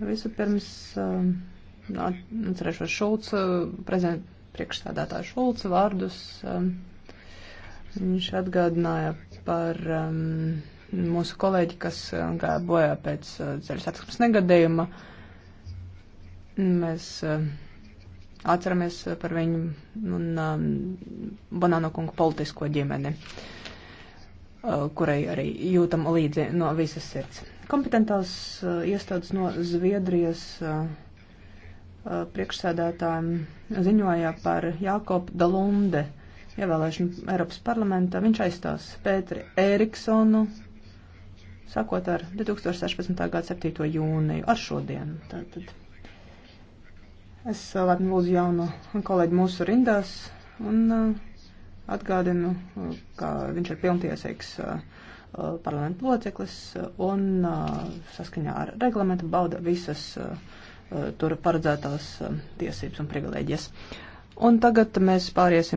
Vispirms um, atcerēšos Šulca, prezident, priekšstādātāju Šulca vārdus. Um, viņš atgādināja par um, mūsu kolēģi, kas um, gāja bojā pēc uh, ceļu satiksmes negadījuma. Mēs uh, atceramies par viņu un um, Banāno kungu politisko ģimeni, uh, kurai arī jūtam līdzi no visas sirds. Kompetentās eh, iestādes no Zviedrijas eh, eh, priekšsēdētājiem ziņoja par Jākopu Dalunde ievēlēšanu Eiropas parlamentā. Viņš aizstās Pēteri Eriksonu, sākot ar 2016. gada 7. jūniju, ar šodienu. Tātad. Es labi lūdzu jaunu kolēģi mūsu rindās un atgādinu, ka viņš ir pilntiesīgs Uh, parlamentu loceklis uh, un uh, saskaņā ar reglamentu bauda visas tur paredzētās tiesības un privilēģijas. Un tagad mēs pāriesim.